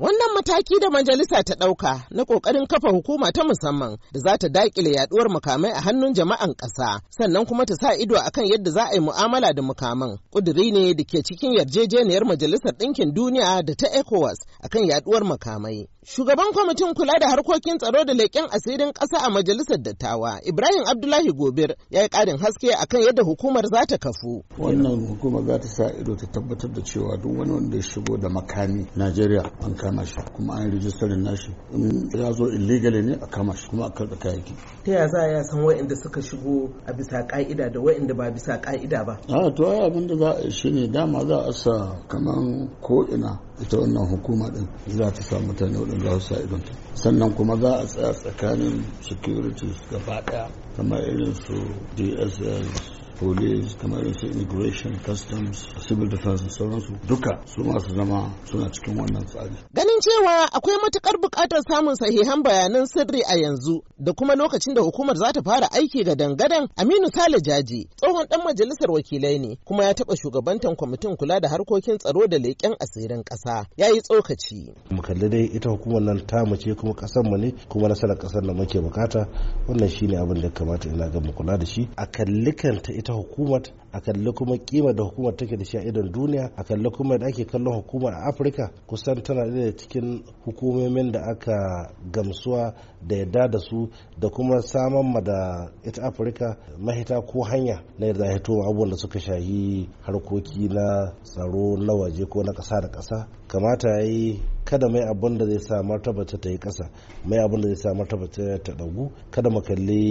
Wannan mataki da majalisa ta ɗauka na ƙoƙarin kafa hukuma ta musamman da za ta daƙile yaɗuwar mukamai a hannun jama'an ƙasa sannan kuma ta sa ido a kan yadda za a yi mu'amala da mukaman. Ƙuduri ne da ke cikin yarjejeniyar Majalisar Ɗinkin Duniya da ta ECOWAS kan yaɗuwar mukamai. Shugaban kwamitin kula da harkokin tsaro da leƙen asirin ƙasa a majalisar dattawa Ibrahim Abdullahi Gobir ya yi ƙarin haske a kan yadda hukumar za ta kafu. Wannan hukumar za ta sa ido ta tabbatar da cewa duk wani wanda ya shigo da makami Najeriya kama shi kuma an rijistarin nashi in ya zo illegally ne a kama shi kuma a karɓi kayayyaki ta ya za a san wa'inda suka shigo a bisa ka'ida da wa'inda ba bisa ka'ida ba a to ya abin da za a shi ne dama za a sa kaman ko ina ita wannan hukuma din za ta sa mutane waɗanda za su sa idon ta sannan kuma za a tsaya tsakanin securities gaba ɗaya kamar irin su dss police kamar yin immigration customs civil defense da sauransu duka su masu zama suna cikin wannan tsari ganin cewa akwai matukar bukatar samun sahihan bayanan sirri a yanzu da kuma lokacin da hukumar za ta fara aiki ga dangadan aminu sale jaji tsohon dan majalisar wakilai ne kuma ya taɓa shugabantan kwamitin kula da harkokin tsaro da leken asirin ƙasa ya yi tsokaci mu kalli dai ita hukumar nan ta ce kuma ƙasar mu ne kuma nasarar ƙasar da muke bukata wannan shine abin da ya kamata ina ga mu kula da shi a kalli ita ita hukumar a kalli kuma kima da hukumar take da shi a idon duniya a kalli kuma da ake kallon hukumar a afirka kusan tana da cikin hukumomin da aka gamsuwa da yadda da su da kuma saman ma da ita afirka mahita ko hanya na yadda ya hito abubuwan da suka shahi harkoki na tsaro na waje ko na ƙasa da ƙasa kamata ya yi kada mai abin da zai sa martaba ta yi kasa mai abin da zai sa martaba ta dagu kada mu kalli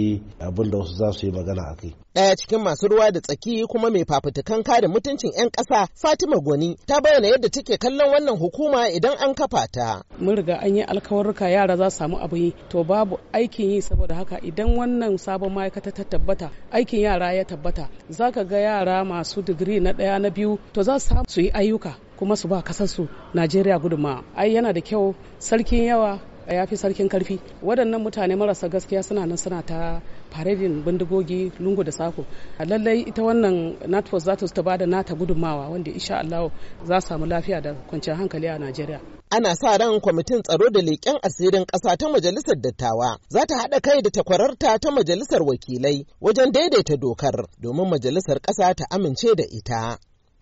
abin da wasu za su yi magana a kai Ɗaya cikin masu ruwa da tsaki kuma mai fafutukan kare mutuncin 'yan ƙasa fatima gwani ta bayyana yadda take kallon wannan hukuma idan an kafa ta mun riga an yi alkawarruka yara za su samu abu yi to babu aikin yi saboda haka idan wannan sabon ma'aikata ta tabbata aikin yara ya tabbata zaka ga yara masu digiri na ɗaya na biyu to za su samu su yi ayyuka kuma su ba kasar su najeriya gudunmawa ai yana da kyau sarkin yawa ya fi sarkin karfi waɗannan mutane marasa gaskiya suna nan suna ta faredin bindigogi lungu da sako lallai ita wannan natfos za ta ba da nata gudunmawa wanda insha allahu za samu lafiya da kwanciyar hankali a najeriya ana sa ran kwamitin tsaro da leƙen asirin ƙasa ta majalisar dattawa za ta haɗa kai da takwararta ta majalisar wakilai wajen daidaita dokar domin majalisar ƙasa ta amince da ita